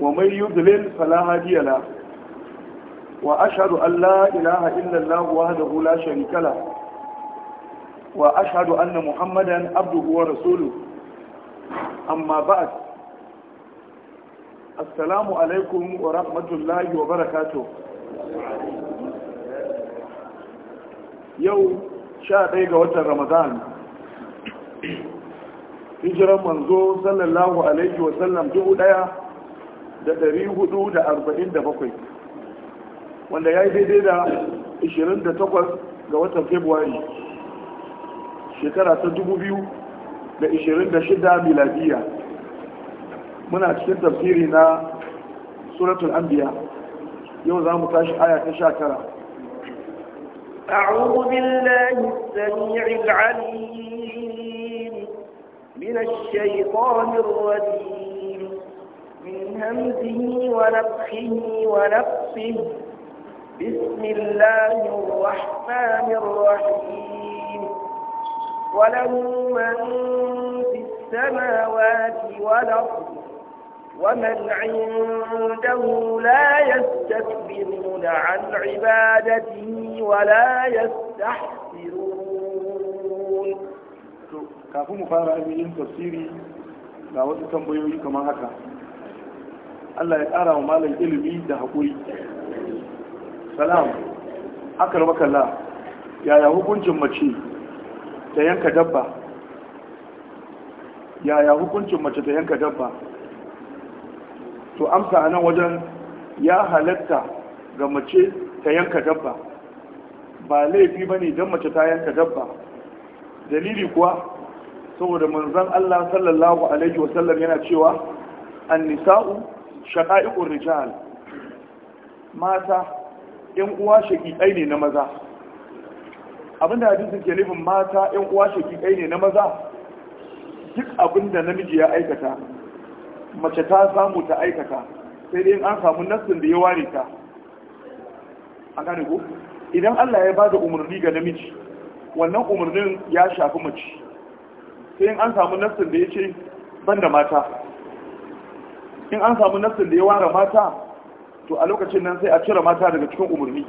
ومن يضلل فلا هادي له وأشهد أن لا إله إلا الله وحده لا شريك له وأشهد أن محمدا عبده ورسوله أما بعد السلام عليكم ورحمة الله وبركاته يوم sha ɗaya ga watan ramadan hijiran manzo sallallahu alaihi wasallam dubu ɗaya da ɗari hudu da arba'in da bakwai wanda ya yi daidai da ishirin da takwas ga watan februari shekara ta dubu biyu da ishirin da shida miladiya muna cikin tafsiri na suratul anbiya yau za mu tashi aya ta sha tara أعوذ بالله السميع العليم من الشيطان الرجيم همزه ونفخه ونفسه بسم الله الرحمن الرحيم وله من في السماوات والأرض ومن عنده لا يستكبرون عن عبادته ولا يستحسرون كافو مفارقة من تفسيري لا وقت تنبيوي كما هكذا Allah ya ƙara wa malam ilimi da haƙuri salam aka raba kalla yaya hukuncin mace ta yanka dabba yaya hukuncin mace ta yanka dabba to amsa a nan wajen ya halatta ga mace ta yanka dabba ba laifi ba ne don mace ta yanka dabba dalili kuwa saboda manzan Allah sallallahu alaihi wasallam yana cewa an nisa'u shaqa'iqur rijal mata yan uwa shaqiqai ne na maza abinda hadisin ke nufin mata yan uwa shaqiqai ne na maza duk abinda namiji ya aikata mace ta samu ta aikata sai dai an samu nassin da ya ware ta an gane ko idan Allah ya bada umarni ga namiji wannan umarnin ya shafi mace sai an samu nassin da ya ce ban da mata in an samu nassin da ya ware mata to a lokacin nan sai a cire mata daga cikin umarni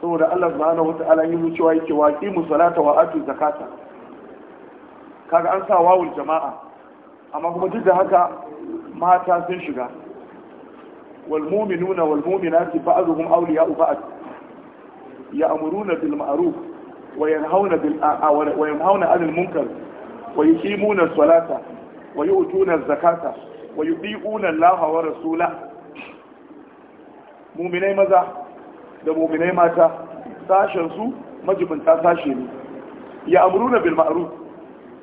saboda Allah subhanahu wata'ala yi zuciwa yake wa qimu salata wa atu zakata kaga an sa wawul jama'a amma kuma duk da haka mata sun shiga wal mu'minuna wal mu'minati ba'dhum awliya'u ba'd ya'muruna bil ma'ruf wa yanhauna bil wa yanhauna 'anil munkar wa yuqimuna as-salata wa yu'tuna zakata wa yudi'una Allah wa rasula mu'minai maza da mu'minai mata sashen su majibinta sashe ne ya amruna bil ma'ruf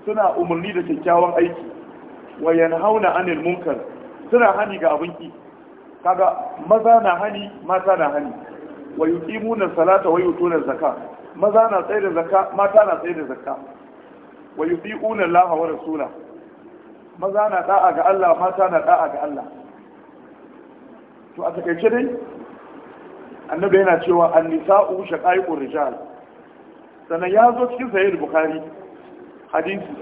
suna umarni da kyakkyawan aiki wa yanhauna 'anil munkar suna hani ga abinki? kaga maza na hani mata na hani wa yuqimuna salata wa yutuna zaka? maza na tsaye da zakka mata na tsaye da zakka wa yudi'una Allah wa rasula maza na da'a ga Allah mata na da'a ga Allah to a takaice dai annabi yana cewa an-nisa'u shaqaiqur rijal sannan ya zo cikin sahih bukhari hadisi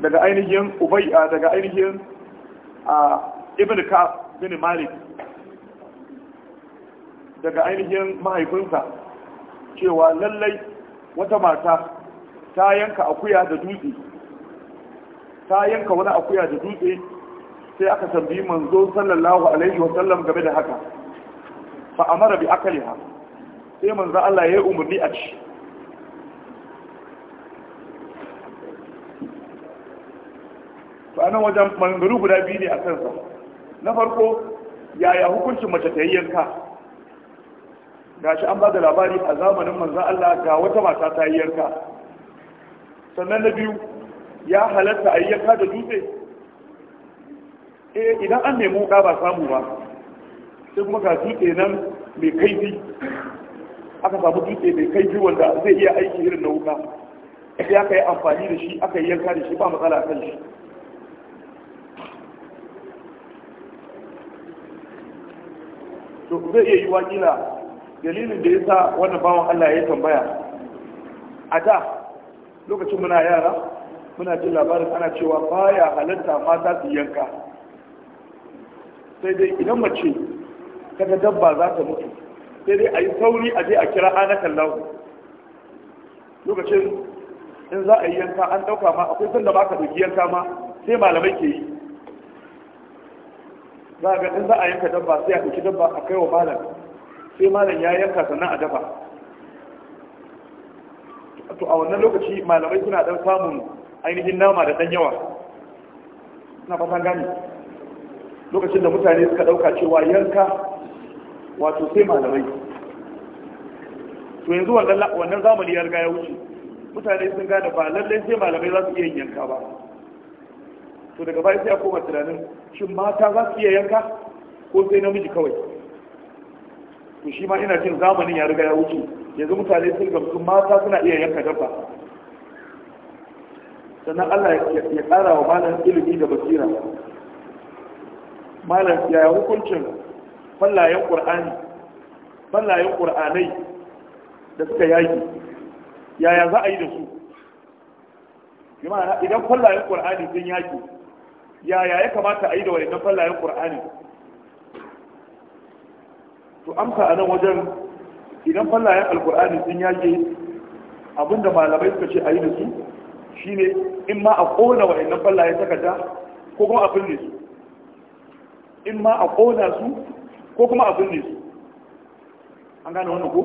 daga ainihin ubay daga ainihin ibn ka'ab bin malik daga ainihin mahaifinsa cewa lallai wata mata ta yanka akuya da dutse ta yanka wani akuya da dutse sai aka tambayi manzo sallallahu alaihi wasallam game da haka fa amara bi akaliha sai manzo Allah ya yi umarni a ci to anan wajen mangaru guda biyu ne a kansa na farko yaya hukuncin mace ta yi yanka gashi an ba da labari a zamanin manzo Allah ga wata mata ta yi yanka sannan na biyu ya halatta a yi yanka da dutse eh idan an nemi wuka ba samu ba sai kuma ka dutse nan mai kaifi aka samu dutse mai kaifi wanda zai iya aiki irin na wuka sai aka yi amfani da shi aka yi yanka da shi ba matsala a kan shi to zai iya yi wakila dalilin da ya sa wannan bawan Allah ya tambaya a da lokacin muna yara muna jin labarin ana cewa baya halatta mata su yanka sai dai idan mace kada dabba za ta mutu sai dai a yi sauri a je a kira ana lahu lokacin in za a yi yanka an ɗauka ma akwai sanda da baka ɗauki yanka ma sai malamai ke yi za ga in za a yanka dabba sai a ɗauki dabba a kai wa malam sai malam ya yanka sannan a dafa to a wannan lokaci malamai suna dan samun ainihin nama da ɗan yawa na fatan gani lokacin da mutane suka ɗauka cewa yanka wato sai malamai to yanzu wannan zamani ya riga ya wuce mutane sun gane ba lallai sai malamai za su iya yin yanka ba to daga baya sai a koma tunanin shin mata za su iya yanka ko sai namiji kawai to shi ma ina cin zamanin ya riga ya wuce yanzu mutane sun gamsu mata suna iya yanka dabba sannan Allah ya ƙara wa malam ilimi da basira malam ya hukuncin fallayen ƙur'ani fallayen ƙur'anai da suka yaki yaya za a yi da su idan fallayen ƙur'ani sun yaki yaya ya kamata a yi da wayannan fallayen ƙur'ani to amsa a nan wajen idan fallayen alƙur'ani sun yaki abinda malamai suka ce a yi da su shine in ma a kona wayannan fallaye takarda ko kuma a binne su in ma a kona su ko kuma a binne su an gane wannan ko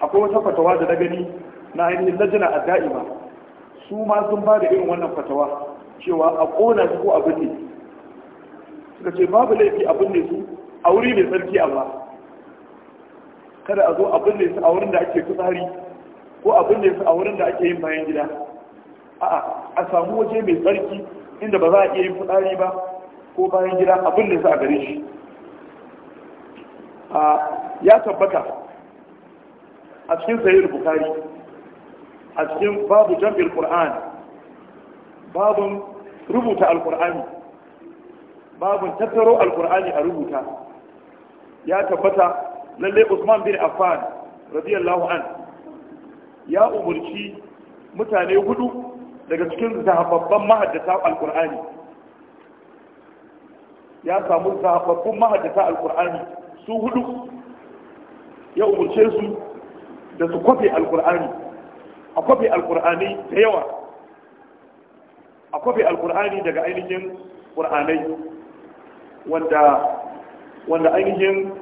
akwai wata fatawa da na gani na ainihin lajina a da'ima su ma sun ba da irin wannan fatawa cewa a kona su ko a binne suka ce babu laifi a binne su a wuri mai tsarki amma kada a zo a binne su a wurin da ake fitsari ko a binne su a wurin da ake yin bayan gida a samu waje mai tsarki inda ba za a iya yin fudari ba ko bayan gida abin da za a gare shi ya tabbata a cikin sayar bukari a cikin babu jam'il qur'an babun rubuta alqur'ani babun tattaro alqur'ani a rubuta ya tabbata lalle Usman bin Affan radiyallahu an ya umarci mutane hudu daga cikin zahabbabban mahaddata alkur'ani ya samu zahabbabban mahaddata alkur'ani su hudu ya umurce su da su kwafe alkur'ani a kwafe alkur'ani da yawa a kwafe alkur'ani daga ainihin ƙur'anai wanda ainihin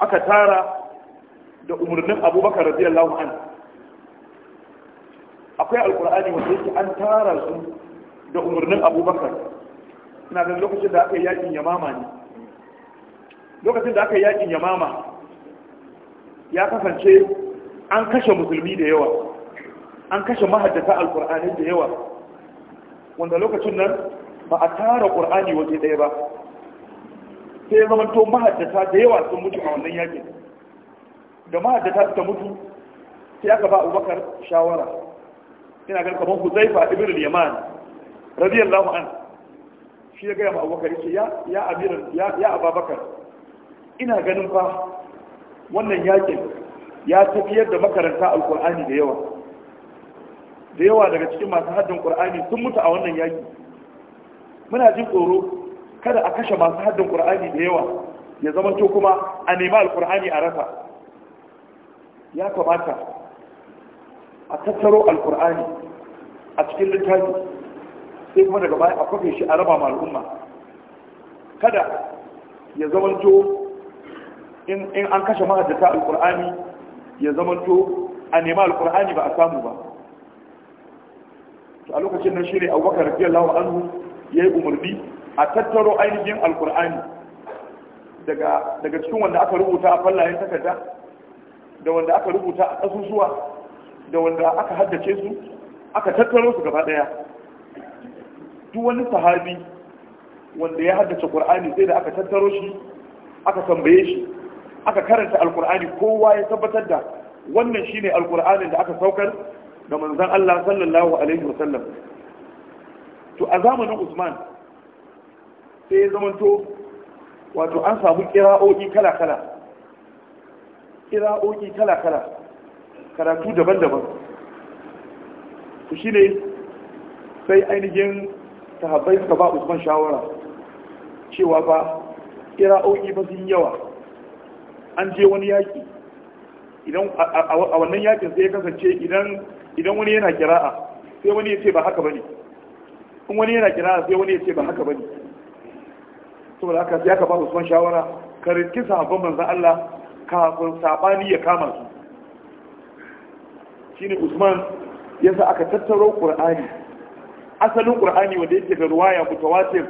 aka tara da umarnin abubakar radiyallahu anhu akwai alkur'ani wanda yake an tara su da umarnin abubakar ina da lokacin da aka yi yakin yamama ne lokacin da aka yi yakin yamama ya kasance an kashe musulmi da yawa an kashe mahaddata alkur'ani da yawa wanda lokacin nan ba a tara ƙur'ani waje ɗaya ba sai zama to mahaddata da yawa sun mutu a wannan yakin da mahaddata suka mutu sai aka ba abubakar shawara ina ga kamar Huzaifa ibn al-Yaman radiyallahu an shi ya gaya ma Abubakar yace ya ya Amir ya ya Abubakar ina ganin fa wannan yakin ya tafiyar da makaranta alkur'ani da yawa da yawa daga cikin masu haddin qur'ani sun mutu a wannan yaki muna jin tsoro kada a kashe masu haddin qur'ani da yawa ya zama to kuma a nema alkur'ani a rasa ya kamata a tattaro alkur'ani a cikin littafi sai kuma daga baya a kwafe shi a raba al'umma kada ya zamanto in an kashe mahajjata alkur'ani ya zamanto a nema alkur'ani ba a samu ba a lokacin nan shine Abubakar abubakar radiyallahu anhu ya yi umarni a tattaro ainihin alkur'ani daga cikin wanda aka rubuta a fallayen takarda da wanda aka rubuta a ƙasusuwa da wanda aka haddace su aka tattaro su gaba daya duk wani sahabi wanda ya haddace qur'ani sai da aka tattaro shi aka tambaye shi aka karanta alqur'ani kowa ya tabbatar da wannan shine alqur'anin da aka saukar da manzon Allah sallallahu alaihi wasallam to a zamanin Usman sai ya zamanto wato an samu kira'o'i kala-kala kira'o'i kala-kala karatu daban-daban Ku shi ne sai ainihin sahabbai suka ba Usman shawara cewa ba kira'o'i ba sun yawa an je wani yaƙi idan a wannan yaƙin sai ya kasance idan wani yana kira'a sai wani ya ce ba haka ba ne, in wani yana kira'a sai wani ya ce ba haka ba bane saboda haka sai aka ba Usman shawara ka rinki sahabban manzon Allah kafin sabani ya kama su ne Usman yasa aka tattaro qur'ani asalin qur'ani wanda yake da ruwaya mutawatir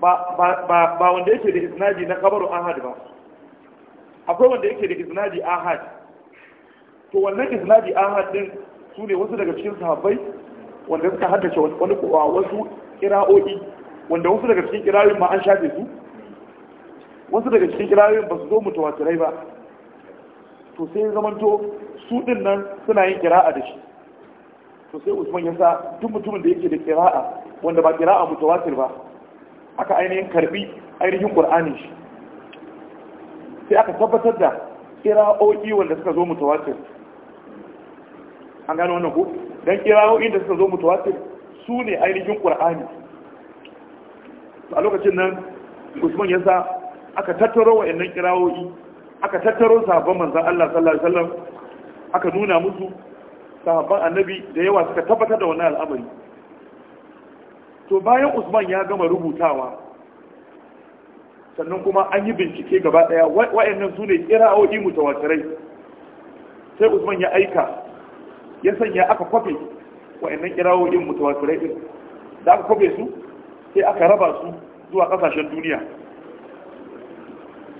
ba ba ba wanda yake da isnadi na kabaru ahad ba akwai wanda yake da isnadi ahad to wannan isnadi ahad din su ne wasu daga cikin sahabbai wanda suka haddace wani wasu kira'o'i wanda wasu daga cikin kirayoyin ma an shafe su wasu daga cikin kirayoyin ba su zo mutawatirai ba to sai zamanto su din nan suna yin kira'a da shi to sai usman ya sa duk mutumin da yake da kira'a wanda ba kira'a mutawatir ba aka ainihin karbi ainihin qur'ani shi sai aka tabbatar da kira'o'i wanda suka zo mutawatir an gano wannan ko dan kira'o'in da suka zo mutawatir su ne ainihin qur'ani a lokacin nan usman ya sa aka tattaro wa'annan kira'o'i aka tattaro sabon manzan Allah sallallahu alaihi wasallam aka nuna musu sahabban annabi da yawa suka tabbatar da wannan al'amari to bayan usman ya gama rubutawa sannan kuma an yi bincike gaba daya wa'annan su ne kira'o'i mutawatirai sai usman ya aika ya sanya aka kwafe wa'annan kira'o'in mutawatirai din da aka kwafe su sai aka raba su zuwa kasashen duniya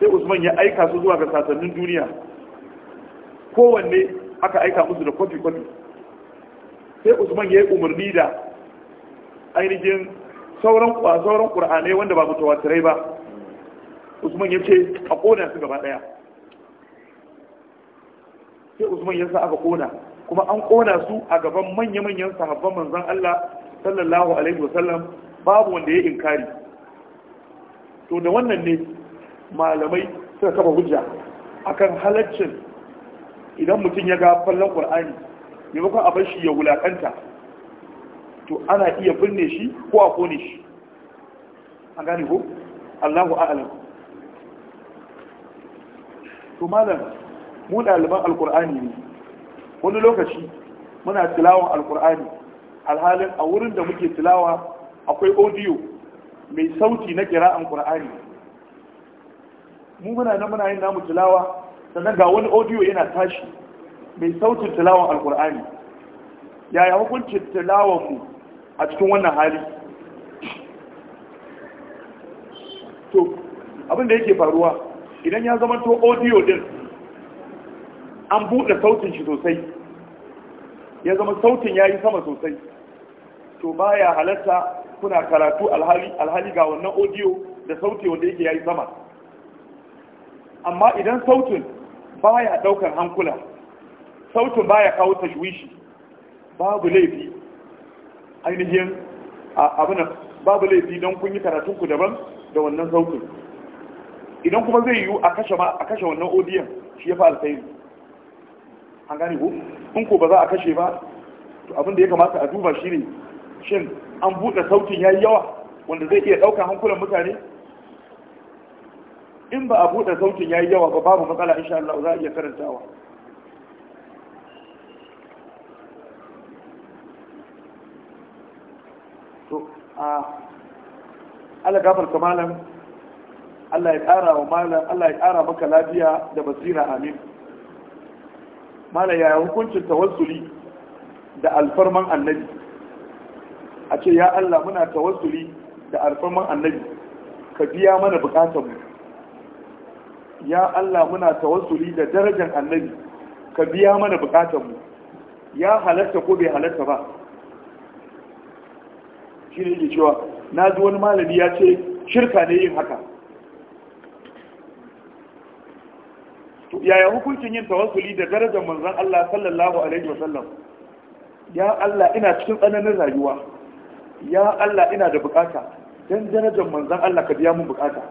sai usman ya aika su zuwa ga sassanin duniya kowanne aka aika musu da kwafi-kwafi sai usman ya yi umarni da ainihin sauran sauran ƙura'ane wanda ba tawatirai ba usman ya ce a ƙona su gaba ɗaya sai usman ya sa aka ƙona kuma an ƙona su a gaban manya-manyan sahabban manzan Allah sallallahu alaihi wasallam babu wanda ya inkari to da wannan ne malamai suka kafa hujja akan halaccin idan mutum ya ga fallon ƙur'ani maimakon a bar shi ya wulaƙanta to ana iya binne shi ko a kone shi A gane ko allahu a'alam to malam mu ɗaliban alƙur'ani ne wani lokaci muna tilawan alƙur'ani alhalin a wurin da muke tilawa akwai audio mai sauti na kira'an ƙur'ani mu muna na muna yin namu tilawa sannan ga wani audio yana tashi mai sautin tilawan alkur'ani yaya hukuncin tilawan a cikin wannan hali to abin yake faruwa idan ya zama to audio din an buɗe sautin shi sosai ya zama sautin ya yi sama sosai to baya halatta kuna karatu alhali ga wannan audio da sautin wanda yake ya yi sama amma idan sautin baya daukar hankula sautin baya kawo tashwishi babu laifi ainihin abin babu laifi don kun yi karatun ku daban da wannan sautin idan kuma zai yiwu a kashe wannan odiyan shi ya fi alkhairi an gane ku in ko ba za a kashe ba to abin da ya kamata a duba shine shin an buɗe sautin ya yi yawa wanda zai iya ɗaukar hankulan mutane in ba a buɗe sautin ya yi yawa ba babu matsala insha Allah za a iya karantawa to a Allah gafar kamalan Allah ya ƙara wa malam Allah ya ƙara maka lafiya da basira amin malam yaya hukuncin tawassuli da alfarman annabi a ce ya Allah muna tawassuli da alfarman annabi ka biya mana bukatar mu ya Allah muna tawassuli da darajar annabi ka biya mana bukatanmu ya halatta ko bai halatta ba shi ne da cewa na ji wani malami ya ce shirka ne yin haka yaya hukuncin yin tawassuli da darajar manzon Allah sallallahu alaihi wasallam ya Allah ina cikin tsananin rayuwa ya Allah ina da bukata dan darajar manzon Allah ka biya mun bukata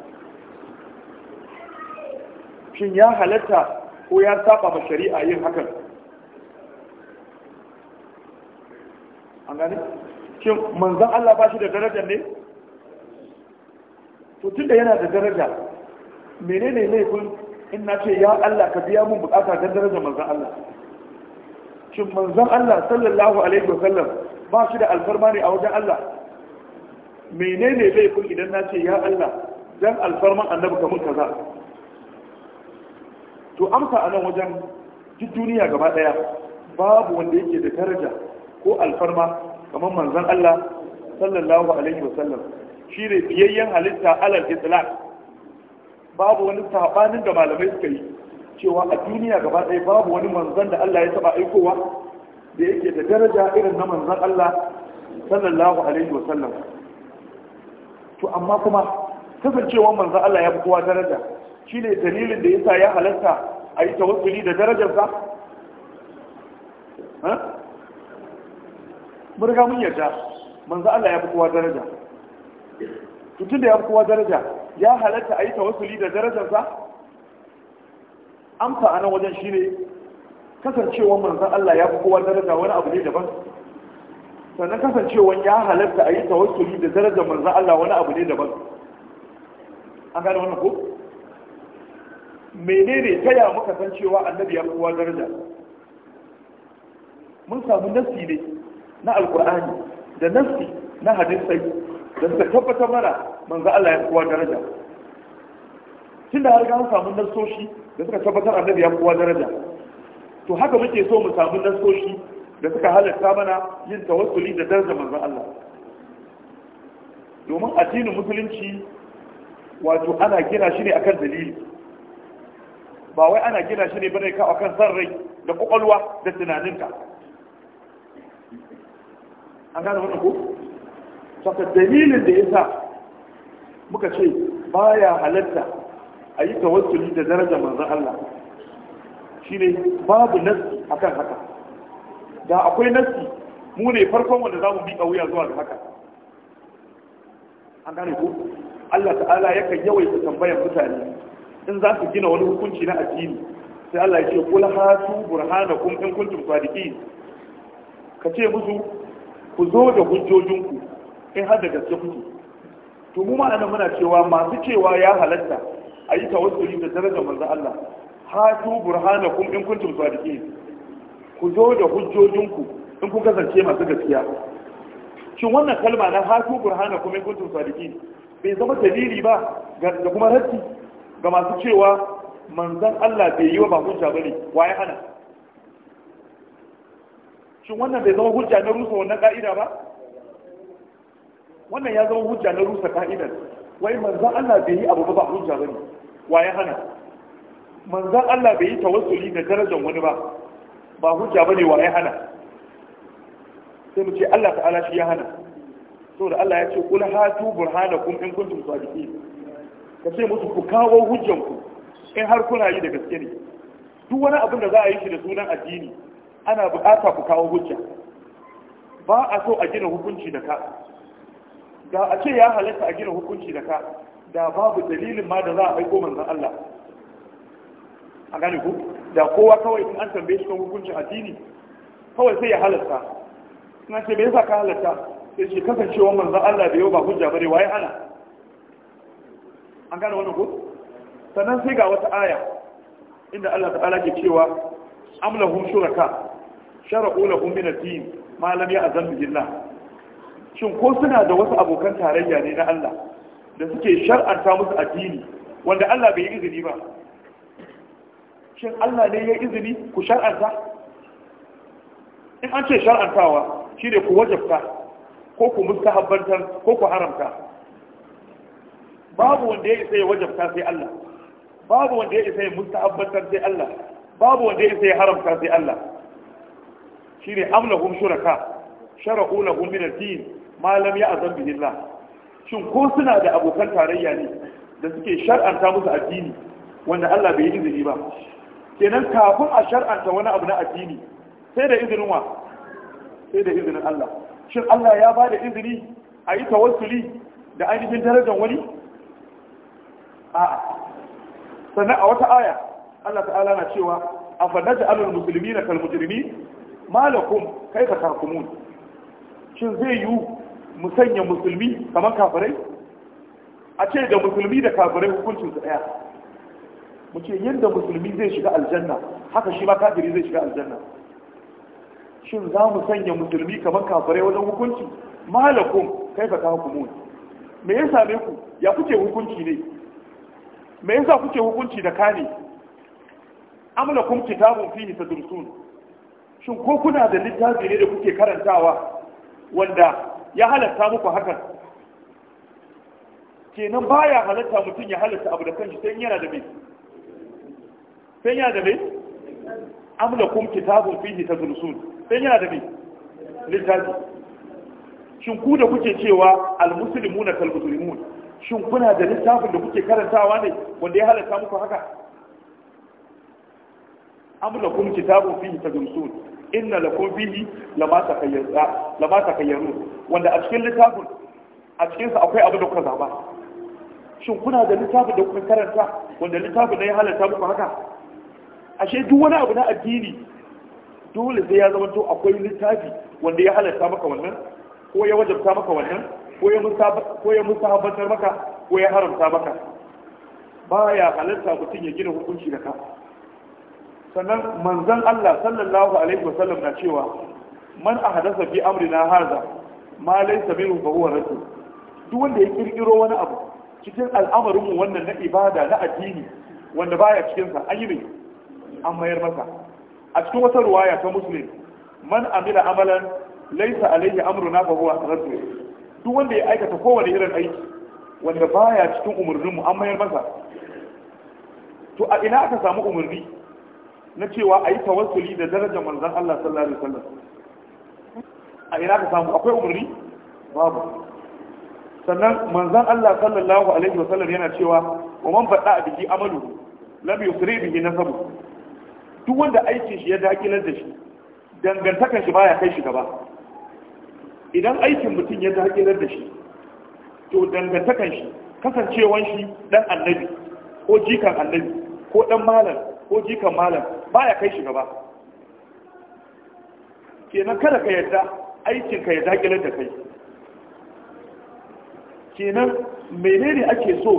shin ya halatta ko ya saba ma shari'a yin hakan an gane shin manzan Allah ba shi da daraja ne to da yana da daraja menene laifin in na ce ya Allah ka biya mun bukata don daraja manzan Allah shin manzan Allah sallallahu alaihi wa sallam ba shi da alfarma ne a wajen Allah menene laifin idan na ce ya Allah dan alfarman annabi kamar kaza to amsa a nan wajen duk duniya gaba daya babu wanda yake da daraja ko alfarma kamar manzon Allah sallallahu alaihi wasallam shi ne biyayyen halitta alal islam babu wani sabanin da malamai suka yi cewa a duniya gaba daya babu wani manzon da Allah ya taba aikowa da yake da daraja irin na manzon Allah sallallahu alaihi wasallam to amma kuma kasancewar manzon Allah ya fi kowa daraja Shi ne dalilin da yasa ya halatta a yi tawassuli da darajarsa mun riga mun yarda manzo Allah ya fi kowa daraja tutun da ya fi kowa daraja ya halatta a yi tawassuli da darajarsa amsa a nan wajen shi ne kasancewar manzo Allah ya fi kowa daraja wani abu ne daban sannan kasancewar ya halatta a yi tawassuli da darajar manzo Allah wani abu ne daban an gane wannan ko menene ta ya muka san cewa annabi ya kowa daraja mun samu nasi ne na alkur'ani da nasi na hadisai da suka tabbatar mana manzo Allah ya kowa daraja tunda har ga mun samu nasoshi da suka tabbatar annabi ya kowa daraja to haka muke so mu samu nasoshi da suka halatta mana yin tawassuli da daraja manzo Allah domin addinin musulunci wato ana gina shi ne akan dalili ba wai ana gina shi ne bane ka akan san rai da kwakwalwa da tunaninka an gane wannan ko saka dalilin da yasa muka ce baya halatta a yi tawassuli da daraja manzon Allah shine babu nasi akan haka da akwai nasi mu ne farkon wanda zamu bi wuya zuwa ga haka an gane ko Allah ta'ala yakan yawaita tambayar mutane in za su gina wani hukunci na addini sai Allah ya ce kul hatu burhanakum in kuntum sadiqin ka ce musu ku zo da hujjojinku in har da gaske kuke to mu ma anan muna cewa masu cewa ya halatta a yi tawassuli da darajar manzo Allah hatu burhanakum in kuntum sadiqin ku zo da hujjojinku in kun kasance masu gaskiya shin wannan kalma na hatu burhanakum in kuntum sadiqin bai zama dalili ba ga kuma raddi ga masu cewa manzan Allah bai yi wa ba hujja bane wa ya hana shin wannan bai zama hujja na rusa wannan ka'ida ba wannan ya zama hujja na rusa ka'idar wai manzan Allah bai yi abu ba hujja bane wa ya hana manzan Allah bai yi tawassuli da darajar wani ba ba hujja bane wa ya hana sai mu ce Allah ta'ala shi ya hana saboda Allah ya ce kul hatu burhanakum in kuntum sadiqin ka ce musu ku kawo hujjanku in har kuna yi da gaske ne duk wani abin da za a yi shi da sunan addini ana bukata ku kawo hujja ba a so a gina hukunci da ka da a ce ya halatta a gina hukunci da ka da babu dalilin ma da za a aiko manzon Allah a gane ku da kowa kawai in an tambaye shi kan hukuncin addini kawai sai ya halatta suna ce me yasa ka halatta sai ce kasancewa manzon Allah da yau ba hujja bane waye ana an gane wannan ko sannan sai ga wata aya inda Allah ta'ala ke cewa am shuraka shara'u lahum min ad-din ma lam ya'zan billah shin ko suna da wasu abokan tarayya ne na Allah da suke shar'anta musu addini wanda Allah bai yi izini ba shin Allah ne ya izini ku shar'anta in an ce shar'antawa shine ku wajabta ko ku mustahabbantar ko ku haramta babu wanda ya isa ya wajabta sai Allah babu wanda ya isa ya musta'abbatar sai Allah babu wanda ya isa ya haramta sai Allah shine amlahum shuraka shara'u lahum min ad-din ma lam ya'zam bihi Allah shin ko suna da abokan tarayya ne da suke shar'anta musu addini wanda Allah bai yi izini ba kenan kafin a shar'anta wani abu na addini sai da izinin wa sai da izinin Allah shin Allah ya ba da izini a yi tawassuli da ainihin darajar wani a'a sannan a wata aya Allah ta'ala na cewa afa alul muslimina kal mujrimin malakum kaifa tahkumun shin zai yi mu sanya musulmi kamar kafirai a ce da musulmi da kafirai hukuncin su daya mu ce yadda musulmi zai shiga aljanna haka shi ma kafiri zai shiga aljanna shin za mu sanya musulmi kamar kafirai wajen hukunci malakum kaifa tahkumun me ya same ku ya kuke hukunci ne me yasa kuke hukunci da kane amla kum kitabun fihi tadrusun shin ko kuna da littafi ne da kuke karantawa wanda ya halatta muku hakan kenan baya halatta mutum ya halatta abu da kanshi sai yana da mai sai yana da mai amla kum kitabun fihi tadrusun sai yana da mai littafi shin ku da kuke cewa al kalmuslimuna shin kuna da littafin da kuke karantawa ne wanda ya halatta muku haka am lakum kitabun fihi tadrusun inna lakum fihi lama takayyara lama takayyaru wanda a cikin littafin a cikin sa akwai abu da kuka zaba shin kuna da littafin da kuka karanta wanda littafin ne ya halatta muku haka ashe duk wani abu na addini dole sai ya zama to akwai littafi wanda ya halatta maka wannan ko ya wajabta maka wannan ko ya musahabantar maka ko ya haramta maka ba ya halatta mutum ya gina hukunci da ka sannan manzan Allah sallallahu alaihi wasallam na cewa man a hadasa bi na haza ma laysa min fa huwa rasul duk wanda ya kirkiro wani abu cikin al'amarin mu wannan na ibada na addini wanda baya cikin sa an yi mai an mayar masa a cikin wata ruwaya ta muslim man amila amalan laysa alaihi amruna fa huwa rasul duk wanda ya aikata kowane irin aiki wanda baya cikin umarninmu an mayar masa to a ina aka samu umarni na cewa a yi tawassuli da darajar manzan Allah sallallahu alaihi wasallam a ina aka samu akwai umarni babu sannan manzan Allah sallallahu alaihi wasallam yana cewa wa man fada a biki amalu lam yusri bihi nasabu duk wanda aikin shi ya dakilar da shi dangantakar shi baya kai shi gaba idan aikin mutum ya dakilar da shi to dangantakan shi kasancewan shi dan annabi ko jikan annabi ko dan malam ko jikan malam baya kai shi gaba kenan kada ka yadda aikin ka ya dakilar da kai kenan menene ake so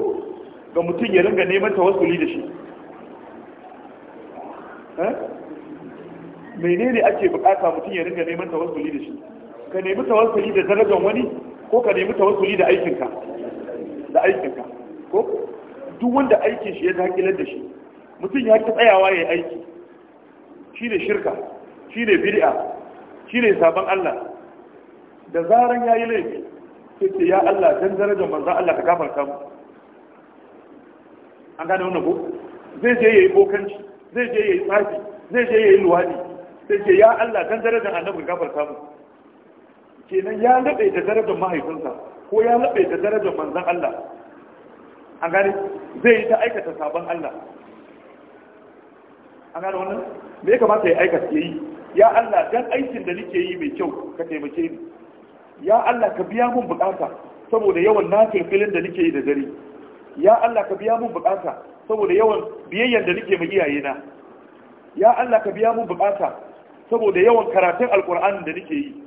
ga mutum ya ringa neman tawassuli da shi eh? menene ake bukata mutum ya ringa neman tawassuli da shi ka nemi tawassuli da darajar wani ko ka nemi tawassuli da aikinka da aikinka ko duk wanda aikin shi ya dakilar da shi mutum ya ki tsayawa ya yi aiki shi ne shirka shi ne bid'a shi ne sabon Allah da zaran ya yi laifi sai ce ya Allah dan darajar manzo Allah ka gafarta mu an gane wannan ko zai je yayi bokanci zai je yayi tsafi zai je yayi luwadi sai ce ya Allah dan darajar annabi ka gafarta mu kenan ya laɓe da darajar mahaifinsa ko ya laɓe da darajar manzan Allah an gane zai yi ta aikata sabon Allah an gane wannan me ya kamata ya aikata ya yi ya Allah dan aikin da nake yi mai kyau ka taimake ni ya Allah ka biya mun bukata saboda yawan nafin filin da nake yi da dare ya Allah ka biya mun bukata saboda yawan biyayyar da nake ma iyayena ya Allah ka biya mun bukata saboda yawan karatun alkur'ani da nake yi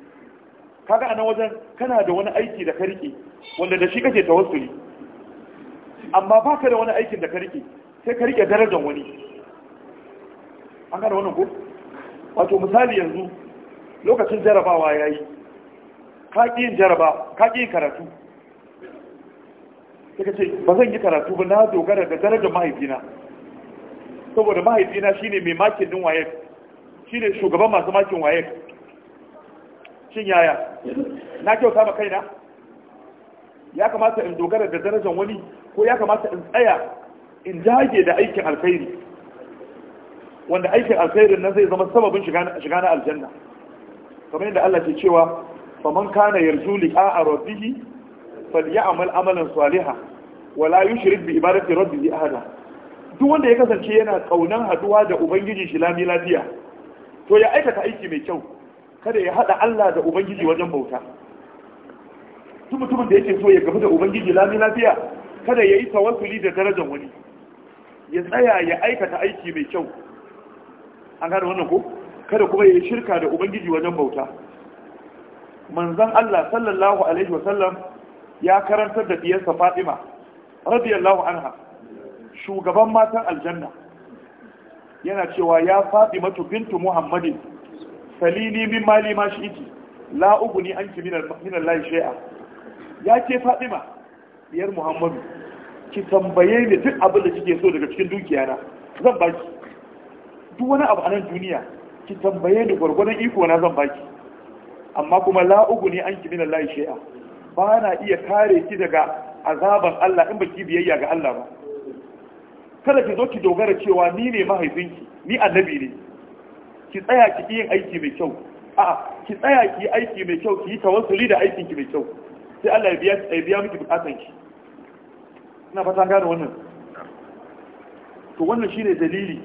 kaga a nan wajen kana da wani aiki da karki wanda da shi kake tawassuli amma ba ka da wani aikin da karki sai ka rike darajar wani an gane wannan ko wato misali yanzu lokacin jarabawa ya yi kaƙin jaraba yin karatu sai ka ce ba zan yi karatu ba na dogara da darajar mahaifina saboda mahaifina shine mai makin din wayek shine shugaban masu makin wayek shin yaya na kyauta ma kaina ya kamata in dogara da darajar wani ko ya kamata in tsaya in jage da aikin alkhairi wanda aikin alkhairin nan zai zama sababin shiga na aljanna kamar yadda Allah ke cewa faman kana yarju liqa'a rabbih falyamal amalan salihan wala yushrik bi ibadati rabbih ahada duk wanda ya kasance yana kaunan haduwa da ubangiji shi lami lafiya to ya aikata aiki mai kyau kada ya haɗa Allah da ubangiji wajen bauta duk mutumin da yake so ya gaba da ubangiji lami lafiya kada ya yi tawassuli da darajar wani ya tsaya ya aikata aiki mai kyau an gada wannan ko kada kuma ya yi shirka da ubangiji wajen bauta manzon Allah sallallahu alaihi wasallam ya karantar da diyarsa Fatima radiyallahu anha shugaban matan aljanna yana cewa ya matu bintu Muhammadin salini min mali ma shi iti la uguni anki minan Allah shay'a ya ce fadima biyar Muhammadu ki tambaye ni duk abin da kike so daga cikin dukiya na zan baki duk wani abu a nan duniya ki tambaye ni gwargwadon iko na zan baki amma kuma la uguni anki minan Allah shay'a ba na iya kare ki daga azaban Allah in baki biyayya ga Allah ba kada ki zo ki dogara cewa ni ne mahaifinki ni annabi ne ki tsaya ki yi aiki mai kyau a'a ki tsaya ki yi aiki mai kyau ki yi tawassuli da aikin ki mai kyau sai Allah ya biya ai biya miki bukatun ki ina fata gane wannan to wannan shine dalili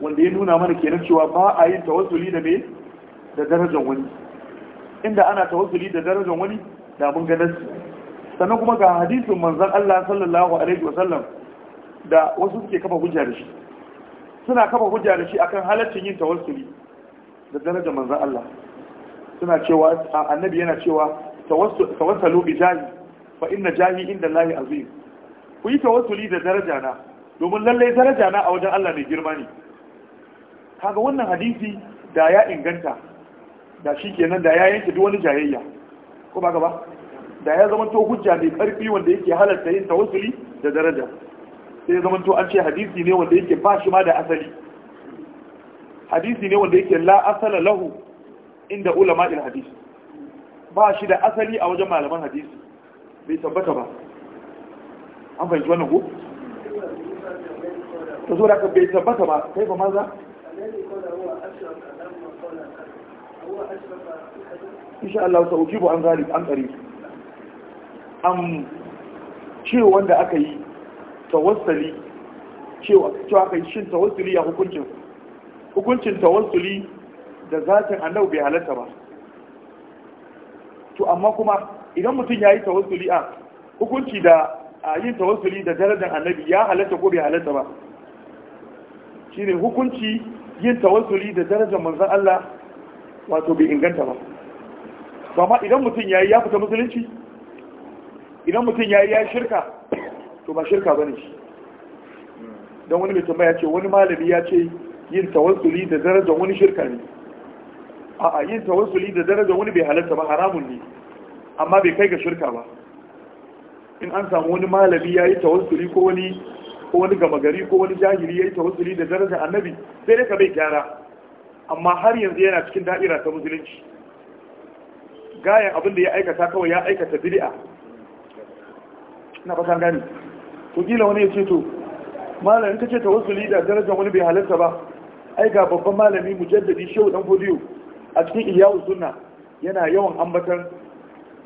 wanda ya nuna mana kenan cewa ba a yin tawassuli da me da darajar wani inda ana tawassuli da darajar wani da mun ga su. sannan kuma ga hadisin manzon Allah sallallahu alaihi wasallam da wasu suke kafa hujja da shi suna kafa hujja da shi akan halaccin yin tawassuli da darajar manzon Allah suna cewa annabi yana cewa tawassalu bi jahi fa inna jahi inda Allah azim ku yi tawassuli da daraja na domin lallai daraja na a wajen Allah mai girma ne kaga wannan hadisi da ya inganta da shi kenan da ya yanke duk wani jayayya ko ba gaba da ya zama to hujja mai karfi wanda yake halarta yin tawassuli da daraja sai zama to an ce hadisi ne wanda yake ba shi ma da asali hadisi ne wanda yake la asala lahu inda ulama il hadisi ba shi da asali a wajen malaman hadisi bai tabbata ba an fahimci wannan ko ta zo da ka bai tabbata ba kai ba maza insha Allah sa ujibu an gari an kare am ciwo wanda aka yi tawassuli cewa cewa kai shin tawassuli ya hukuncin hukuncin tawassuli da zatin annabi bai halatta ba to amma kuma idan mutum ya yi tawassuli a hukunci da a yin tawassuli da darajar annabi ya halatta ko bai halatta ba shine hukunci yin tawassuli da darajar manzon Allah wato bai inganta ba amma idan mutum ya yi ya fita musulunci idan mutum ya yi ya shirka to ba shirka bane shi Don wani mai tambaya ce wani malami ya ce yin tawassuli da darajar wani shirka ne a'a yin tawassuli da darajar wani bai halatta ba haramun ne amma bai kai ga shirka ba in an samu wani malami ya yi tawassuli ko wani ko wani gama gari ko wani jahili ya yi tawassuli da darajar annabi sai dai ka bai gyara amma har yanzu yana cikin da'ira ta musulunci gayan abin da ya aikata kawai ya aikata bid'a na fasan gani to kila wani ya ce to malam in ka ce ta wasu lida darajar wani bai halarta ba ai ga babban malami mujaddadi shehu dan fodiyo a cikin iyawu sunna yana yawan ambatan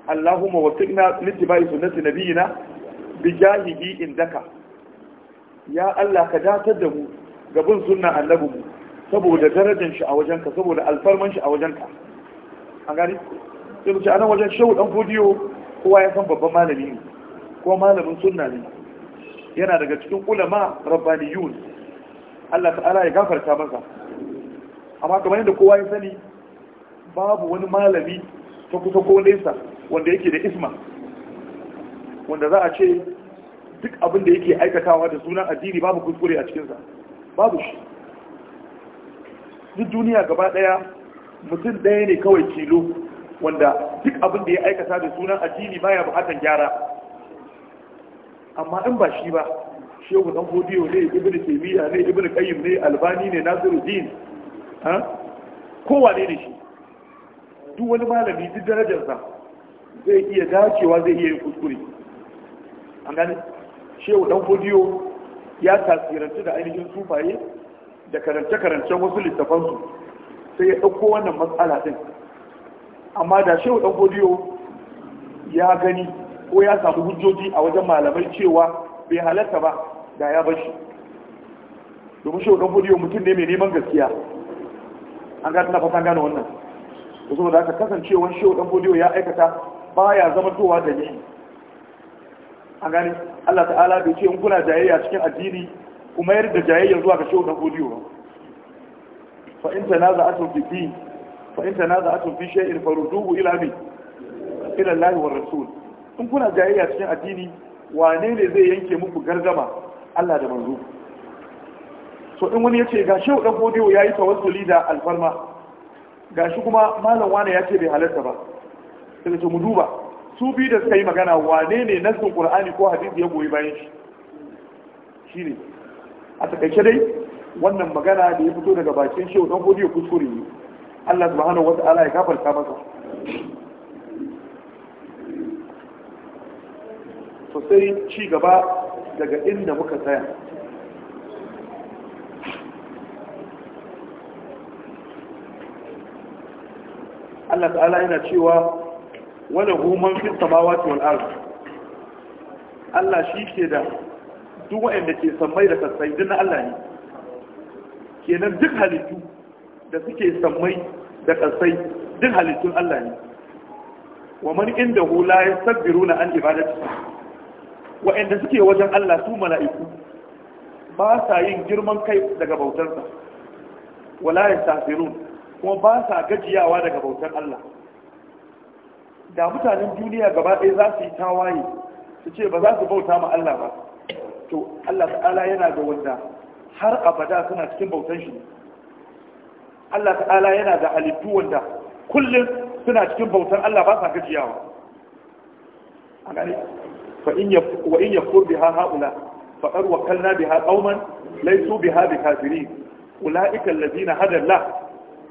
Allahumma waffiqna bai sunnati nabiyina bi jahihi indaka ya Allah ka datar da mu gaban sunna annabi mu saboda darajar shi a wajenka saboda alfarman shi a wajenka an gani sai mu ce anan wajen shehu dan fodiyo kowa ya san babban malami ne ko malamin sunna ne yana daga cikin ulama rabbaniyun Allah ta'ala ya gafarta masa amma kamar yadda kowa ya sani babu wani malami ta kusa ko nesa wanda yake da isma wanda za a ce duk abin da yake aikatawa da sunan addini babu kuskure a cikinsa babu shi duk duniya gaba ɗaya mutum ɗaya ne kawai kilo wanda duk abin da ya aikata da sunan addini baya buƙatar gyara amma in ba shi ba shehu dan godiyo ne ibnu taymiya ne ibnu kayyum ne albani ne nasiruddin ha kowa ne shi duk wani malami duk darajarsa zai iya dacewa zai iya yin kuskure an gane shehu dan godiyo ya tasirantu da ainihin sufaye da karance-karancen wasu littafansu sai ya ɗauko wannan matsala din amma da shehu ɗan godiyo ya gani ko ya samu hujjoji a wajen malamai cewa bai halatta ba da ya bar shi domin shi wadon hudiyo mutum ne mai neman gaskiya an gata na fata gano wannan da saboda aka kasancewar shi wadon hudiyo ya aikata ba ya zama towa da yi an gani allah ta'ala bai ce in kuna jayayya cikin addini kuma yar da jayayya zuwa ga shi wadon hudiyo ba fa in a fi fi fa in tanaza'atun fi shay'in farudduhu ila bi ila Allah wa rasul in kuna jayayya cikin addini wane ne zai yanke muku gargama Allah da manzo so in wani ya ce ga shehu dan godiyo ya tawassuli da alfarma gashi kuma malam wane ya ce bai halarta ba sai ce mu duba su bi da suka yi magana wane ne nasin qur'ani ko hadisi ya goyi bayan shi shine a takaice dai wannan magana da ya fito daga bakin shehu dan godiyo kuskure ne Allah subhanahu wata'ala ya gafarta masa to sai ci gaba daga inda muka tsaya Allah ta'ala yana cewa wani human fi samawati wal ardh Allah shi ke da duk waɗanda ke sammai da sassai duk na Allah ne kenan duk halittu da suke sammai da sassai duk halittun Allah ne wa man inda hula ya sabbiru na an ibadatu wa'anda suke wajen Allah su mala'iku ba sa yin girman kai daga bautarsa wala yasafirun kuma ba sa gajiyawa daga bautar Allah da mutanen duniya gaba ɗaya za su yi tawaye su ce ba za su bauta ma Allah ba to Allah ta'ala yana da wanda har abada suna cikin bautar shi Allah ta'ala yana da halittu wanda kullum suna cikin bautar Allah ba sa gajiyawa a gane fa in wa in ya kurbi ha haula fa qad wakalna biha qauman laysu biha bikafirin ulaika alladhina hada Allah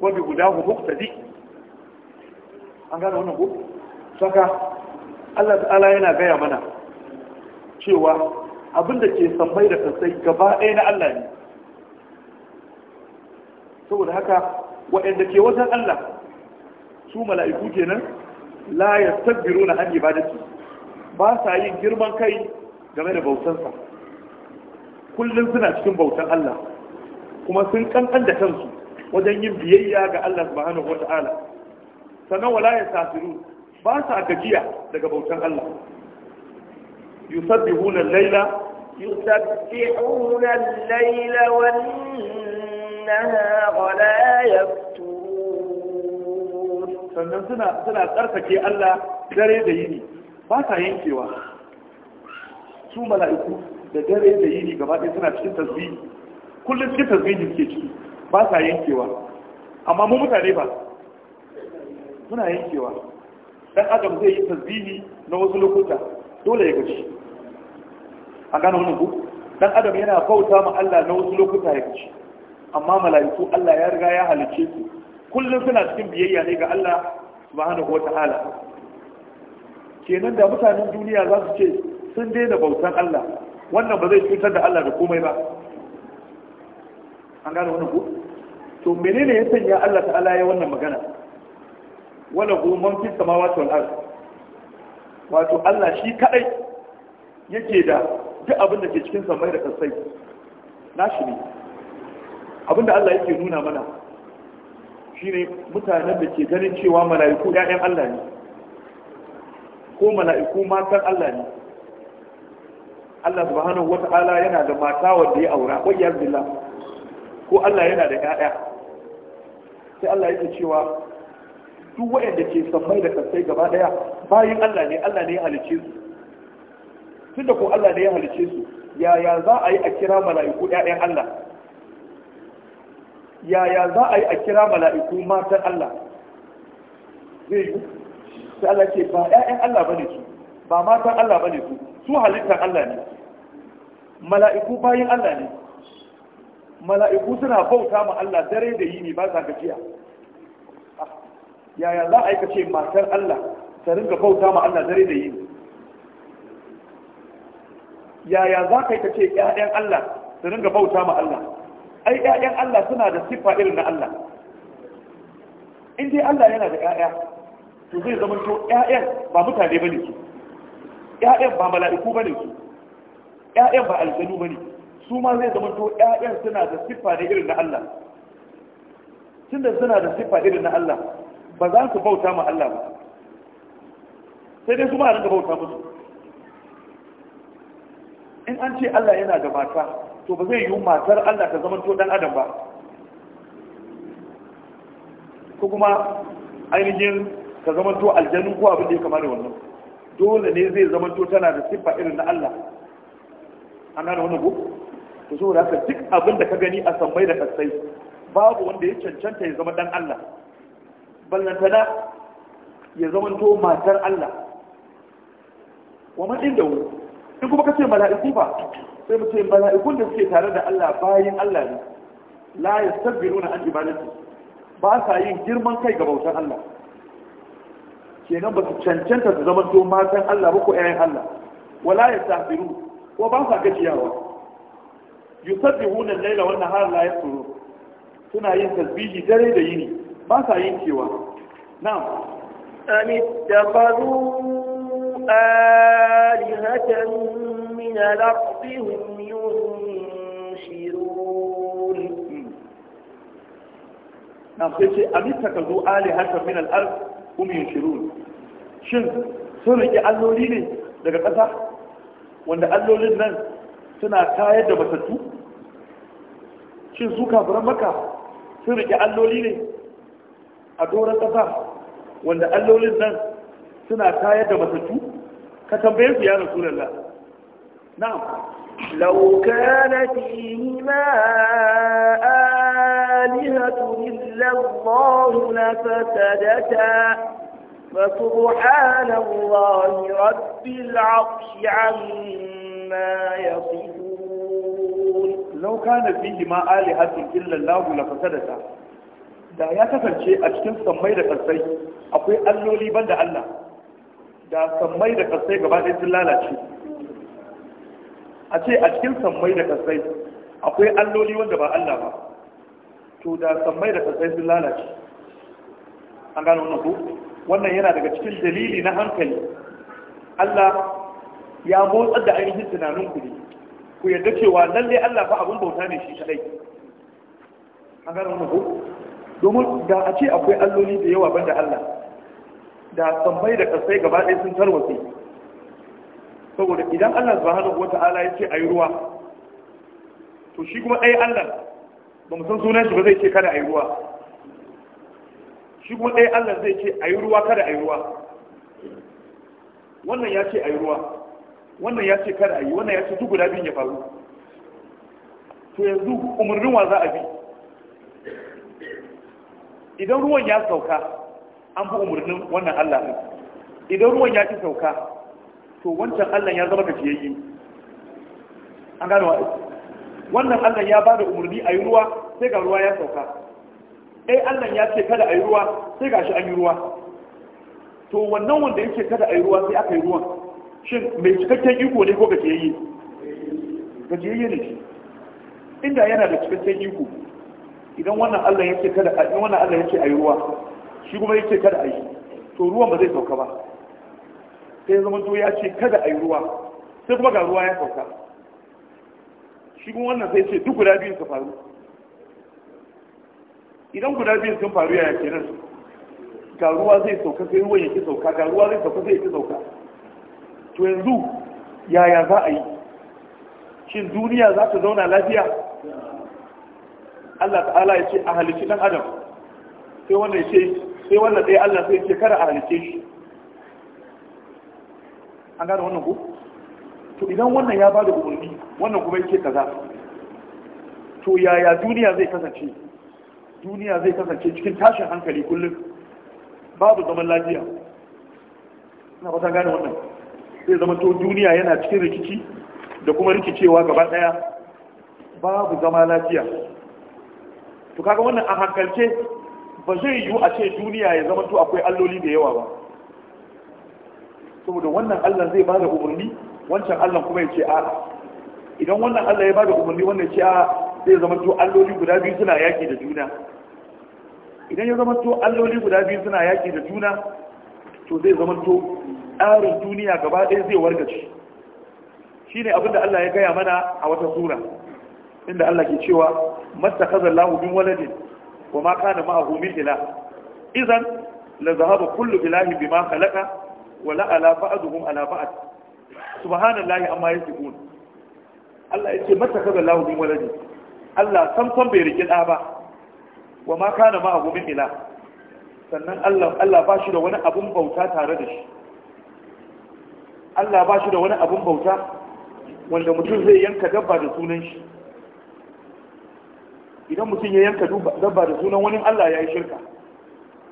wa bi hudahu muqtadi an gane wannan ko saka Allah ta'ala yana gaya mana cewa abinda ke sammai da kasai gaba ɗaya na Allah ne saboda haka waɗanda ke wajen Allah su mala'iku kenan la na an ibadati ba sa yin girman kai game da bautansa kullum suna cikin bautan Allah kuma sun kankan da kansu wajen yin biyayya ga Allah subhanahu wata'ala sannan wala ya safiru ba sa gajiya daga bautan Allah yusabbihuna al-laila يسبحون الليل والنهار لا يفترون sannan suna tsarkake Allah dare da yini ba sa yankewa su mala'iku da dare da yini gaba ɗaya suna cikin tasbihi kullum cikin tasbihi suke ciki ba sa yankewa amma mu mutane ba suna yankewa dan adam zai yi tasbihi na wasu lokuta dole ya gaci a gane wani ku dan adam yana bauta ma Allah na wasu lokuta ya gaci amma mala'iku Allah ya riga ya halicce su kullum suna cikin biyayya ne ga Allah subhanahu wataala kenan da mutanen duniya za su ce sun daina bautan Allah wannan ba zai cutar da Allah da komai ba an gane wannan ku to menene ya sanya Allah ta'ala ya wannan magana wala hu man fi samawati wal ard wato Allah shi kadai yake da duk abin da ke cikin samai da kasai nashi ne abin da Allah yake nuna mana shine mutanen da ke ganin cewa mala'iku ƴaƴan Allah ne ko mala'iku matan Allah ne Allah subhanahu wata'ala yana da mata wanda ya aura ko ya billah ko Allah yana da ƴaƴa sai Allah yake cewa duk waɗanda ke sammai da kasai gaba daya bayin Allah ne Allah ne ya halice su tunda ko Allah ne ya halice su yaya za a yi a kira mala'iku ƴaƴan Allah yaya za a yi a kira mala'iku matan Allah zai yi sai Allah ce ba ƴaƴan Allah bane su ba matan Allah bane su su halittar Allah ne mala'iku bayin Allah ne mala'iku suna bauta ma Allah dare da yini ba sa gajiya ah, yaya za a yi ce matar Allah ta rinka bauta ma Allah dare da yini yaya za ka yi ce ƴaƴan Allah ta rinka bauta ma Allah ai ƴaƴan Allah suna da siffa irin na Allah in dai Allah yana da ƴaƴa to zai zama to ƴaƴan ba mutane bane su ƴaƴan ba mala'iku bane su ƴaƴan ba aljanu bane su ma zai zama to ƴaƴan suna da siffa ne irin na Allah tunda suna da siffa irin na Allah ba za su bauta ma Allah ba sai dai su ma rinka bauta musu in an ce Allah yana da mata to ba zai yi matar Allah ta zama to dan adam ba ko kuma ainihin zama to aljanu ko abin da ya kamata da wannan dole ne zai to tana da siffa irin na Allah an gane wannan ko to saboda haka duk abin da ka gani a sambai da kasai babu wanda ya cancanta ya zama dan Allah tana ya to matar Allah wa din da hu in kuma kace mala'iku ba sai mu ce mala'ikun da suke tare da Allah bayin Allah ne la yastabiruna an ibadati ba sa yin girman kai ga bautan Allah kenan ba su cancanta su zama to matan Allah ba ko ƴaƴan Allah wala ya tafiru ko ba sa gajiyawa yusabbihuna al-laila wan nahar la yasuru suna yin tasbihi dare da yini ba sa yin cewa na'am am ittakhadhu alihatan min al-ardi hum yunshirun na'am sai ce am ittakhadhu alihatan min al-ardi hum yushirun shin sun rike alloli ne daga ƙasa wanda allolin nan suna tayar da matattu shin su kafiran maka sun rike alloli ne a doron ƙasa wanda allolin nan suna tayar da matattu ka tambaye su ya rasulallah na'am law kana fihi ma'a آلهة إلا الله لفسدتا فسبحان الله رب العرش عما يصفون لو كان فيهما آلهة إلا الله لفسدتا da ya kasance a cikin sammai da kasai akwai alloli ban da Allah da sammai da kasai gaba ɗaya sun lalace a ce a cikin sammai da kasai akwai alloli wanda ba Allah ba to da sammai da tsatsai sun lalace an gano wannan ku wannan yana daga cikin dalili na hankali Allah ya motsar da ainihin tunanin ku ne ku yarda cewa lalle Allah fa abin bauta ne shi kadai an gano wannan ku domin da a ce akwai alloli da yawa banda Allah da sammai da kasai gaba ɗaya sun tarwatse saboda idan Allah subhanahu wata'ala ya ce ayi ruwa to shi kuma ɗaya Allah ba mu san sunan shi ba zai ce kada a yi ruwa shi kuma ɗaya Allah zai ce a yi ruwa kada a yi ruwa wannan ya ce a yi ruwa wannan ya ce kada a yi wannan ya ce duk guda biyun ya faru to yanzu umarnin wa za a bi idan ruwan ya sauka an fi umarnin wannan Allah ne idan ruwan ya ci sauka to wancan Allah ya zama gajiyayye an gano wannan Allah ya ba da umarni a yi ruwa sai ga ruwa ya sauka eh Allah ya ce kada a yi ruwa sai gashi an yi ruwa to wannan wanda yake kada a yi ruwa sai aka yi ruwan shin mai cikakken iko ne ko gajiyayye gajiyayye ne shi inda yana da cikakken iko idan wannan Allah yake kada a wannan Allah yake a yi ruwa shi kuma yake kada a yi to ruwan ba zai sauka ba sai ya zama to ya ce kada a yi ruwa sai kuma ga ruwa ya sauka shi kuma wannan sai ce duk guda biyu su faru idan guda biyu sun faru yaya kenan ga ruwa zai sauka sai ruwan yake sauka ga ruwa zai sauka sai yake sauka to yanzu yaya za a yi shin duniya za ta zauna lafiya Allah ta'ala ya ce a halicci ɗan adam sai wannan ce sai wannan ɗaya Allah sai ce kada a halicce shi an gane wannan ku to idan wannan ya bada umarni wannan kuma yake kaza to yaya duniya zai kasance duniya zai kasance cikin tashin hankali kullum babu zaman lafiya na fata gane wannan zai zama to duniya yana cikin rikici da kuma rikicewa gaba daya babu zama lafiya to kaga wannan a hankalce ba zai yiwu a ce duniya ya zama to akwai alloli da yawa ba saboda wannan allah zai ba da umarni wancan allah kuma ya ce a idan wannan allah ya ba da umarni wannan ya ce a zai zama to alloli guda biyu suna yaki da juna idan ya zama to alloli guda biyu suna yaki da juna to zai zama to tsarin duniya gaba ɗaya zai warga shi ne abinda Allah ya gaya mana a wata sura inda Allah ke cewa masta kazan lahumin waladin wa ma kana ma'ahu min ila izan la zahaba kullu ilahi bima khalaqa wa la ala ba'dhum ala ba'd subhanallahi amma yasifun Allah ya ce masta kazan lahumin waladin Allah samson bai riƙi ɗa ba wa ma kana ma abu ila sannan Allah Allah ba shi da wani abun bauta tare da shi Allah ba shi da wani abun bauta wanda mutum zai yanka dabba da sunan shi idan mutum ya yanka dabba da sunan wani Allah ya yi shirka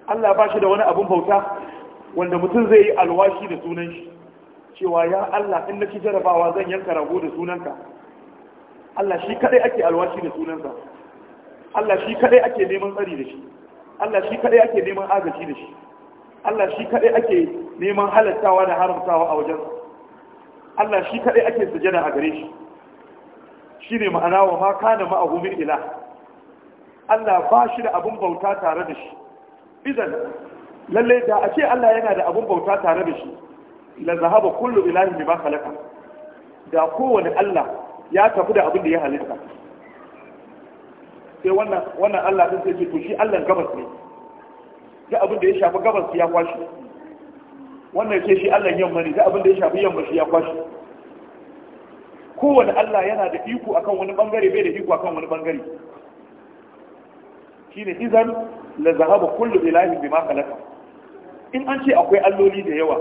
Allah ba shi da wani abun bauta wanda mutum zai yi alwashi da sunan shi cewa ya Allah in na ci jarabawa zan yanka rago da sunanka Allah shi kadai ake alwashi da sunansa Allah shi kadai ake neman tsari da shi Allah shi kadai ake neman agaci da shi Allah shi kadai ake neman halattawa da haramtawa a wajen Allah shi kadai ake sujada a gare shi shine ma'ana wa ma kana ma'ahu min ilah Allah ba shi da abun bauta tare da shi idan lalle da a ce Allah yana da abun bauta tare da shi la zahaba kullu ilahin bima khalaqa da kowane Allah ya tafi da abin da ya halitta sai wannan wannan Allah din sai ce to shi Allah gabas ne duk abin da ya shafi gabas ya kwashi wannan ce shi Allah yamma ne duk abin da ya shafi yamma shi ya kwashi kowane Allah yana da iko akan wani bangare bai da iko akan wani bangare shine izan la zahaba kullu ilahi bima khalaqa in an ce akwai alloli da yawa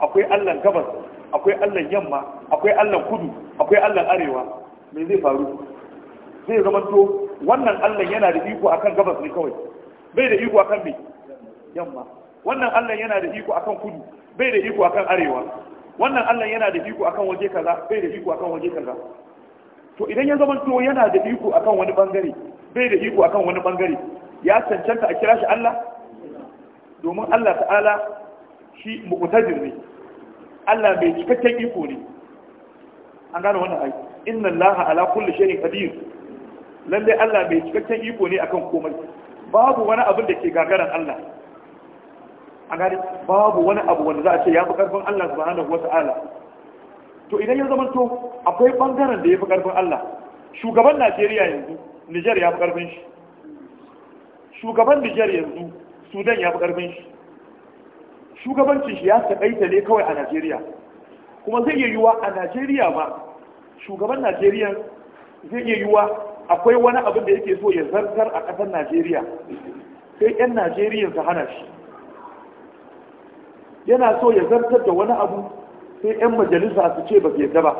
akwai Allah gabas akwai Allah yamma akwai Allah kudu akwai allah arewa me zai faru zai zama to wannan allah yana da iko akan gabas ne kawai bai da iko akan me yamma wannan allah yana da iko akan kudu bai da iko akan arewa wannan allah yana da iko akan waje kaza bai da iko akan waje kaza to idan ya zama to yana da iko akan wani bangare bai da iko akan wani bangare ya cancanta a kira shi Allah domin Allah ta'ala shi muqtadir ne Allah mai cikakken iko ne an gane wannan ayi inna allaha ala kulli shay'in qadir lalle Allah mai cikakken iko ne akan komai babu wani abu da ke gagaran Allah an gane babu wani abu wanda za a ce ya fi karfin Allah subhanahu wata'ala to idan ya zama to akwai bangaren da ya fi karfin Allah shugaban Najeriya yanzu Niger ya fi karfin shi shugaban Niger yanzu Sudan ya fi karfin shi shugabancin shi ya taƙaita ne kawai a Najeriya kuma zai iya yiwuwa a najeriya ma shugaban najeriya zai iya yiwuwa akwai wani abin da yake so ya zartar a ƙasar najeriya sai 'yan najeriya su hana shi yana so ya zartar da wani abu sai 'yan majalisa su ce ba ke ba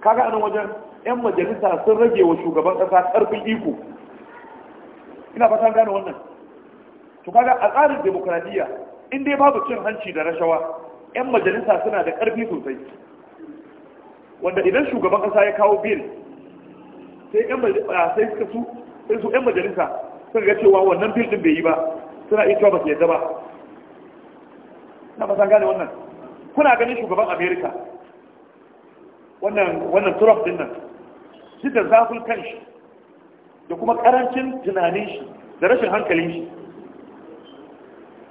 kaga anan wajen 'yan majalisa sun rage wa shugaban ƙasa ƙarfin iko ina fata gane wannan to kaga a tsarin demokradiyya in dai babu cin hanci da rashawa 'yan majalisa suna da ƙarfi sosai wanda idan shugaban ƙasa ya kawo bil sai suka su sai su 'yan majalisa suka ga cewa wannan bil ɗin bai yi ba suna iya cewa ba su yadda ba na gane wannan kuna ganin shugaban amerika wannan wannan din nan shi da zafin kan shi da kuma karancin tunanin shi da rashin hankalin shi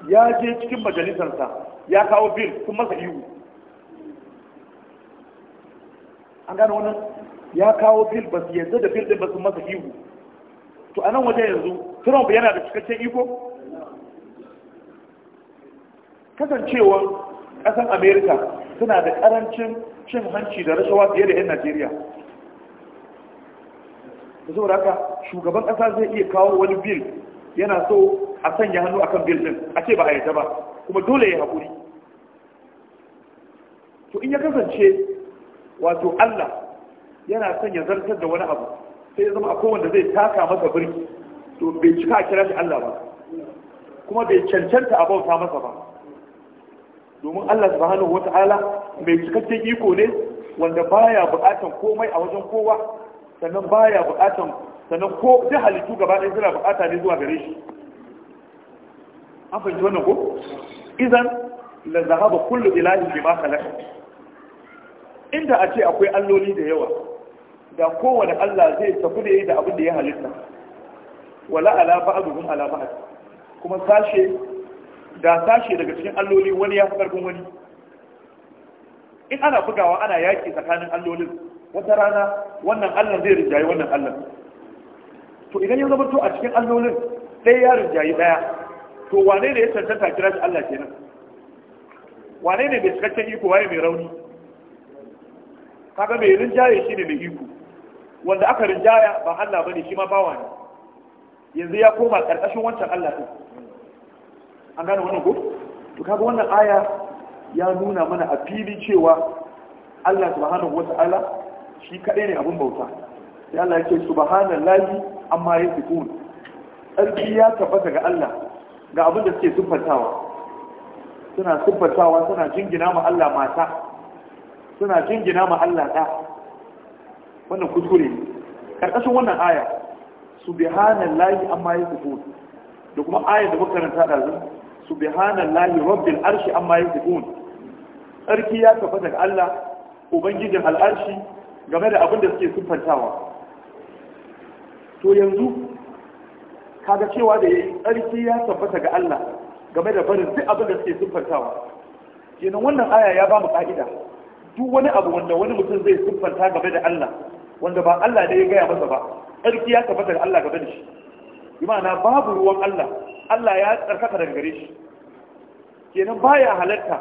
ya je cikin majalisarsa ya kawo bil sun masa ihu an gano wannan ya kawo bil ba su yanzu da bil din ba sun masa ihu to a waje yanzu trump yana da cikakken iko Kasancewan ƙasan america suna da ƙarancin cin hanci da rashawa fiye da 'yan najeriya da saboda haka shugaban ƙasa zai iya kawo wani bil yana so a sanya hannu akan bil din a ce ba a yarda ba kuma dole ya haƙuri to in ya kasance wato Allah yana son ya zartar da wani abu sai ya zama a kowanne zai taka masa birki to bai cika a kira shi Allah ba kuma bai cancanta a bauta masa ba domin Allah subhanahu wata'ala mai cikakken iko ne wanda baya buƙatan komai a wajen kowa sannan baya buƙatan sannan ko duk halittu gaba ɗaya suna buƙata ne zuwa gare shi an fahimci wannan ko idan la zahaba kullu bi ma khalaqa inda a ce akwai alloli da yawa da kowane Allah zai tafi da yi da abin da ya halitta wala ala ba'dhum ala ba'd kuma sashe da sashe daga cikin alloli wani ya fi wani in ana bugawa ana yaki tsakanin allolin wata rana wannan Allah zai rinjayi wannan Allah to idan ya zama to a cikin allolin ɗaya ya rinjayi ɗaya to wane ne ya cancanta kira shi Allah kenan wane ne bai cikakken iko waye mai rauni kaga mai rinjaye shi ne mai iko wanda aka rinjaya ba Allah bane shi ma bawa ne yanzu ya koma karkashin wancan Allah din an gane wannan ko to kaga wannan aya ya nuna mana a fili cewa Allah subhanahu wata'ala shi kadai ne abin bauta sai Allah yake subhanallahi amma yasifun tsarki ya tabbata ga Allah ga abin da suke tuffatawa, suna tuffatawa, suna jingina ma Allah mata suna jingina ma Allah da wannan kuskure karkashin wannan aya subhanallahi amma yasifun da kuma ayar da muka karanta da zu subhanallahi rabbil arshi amma yasifun sarki ya tafi daga Allah ubangijin al'arshi game da abin da suke siffantawa to yanzu kaga cewa da yayi sarki ya tabbata ga Allah game da barin duk abin da suke siffantawa kenan wannan aya ya ba mu ka'ida duk wani abu wanda wani mutum zai siffanta game da Allah wanda ba Allah ne ya gaya masa ba ƙarfi ya tabbata ga Allah game da shi imana babu ruwan Allah Allah ya tsarkaka daga gare shi kenan baya halatta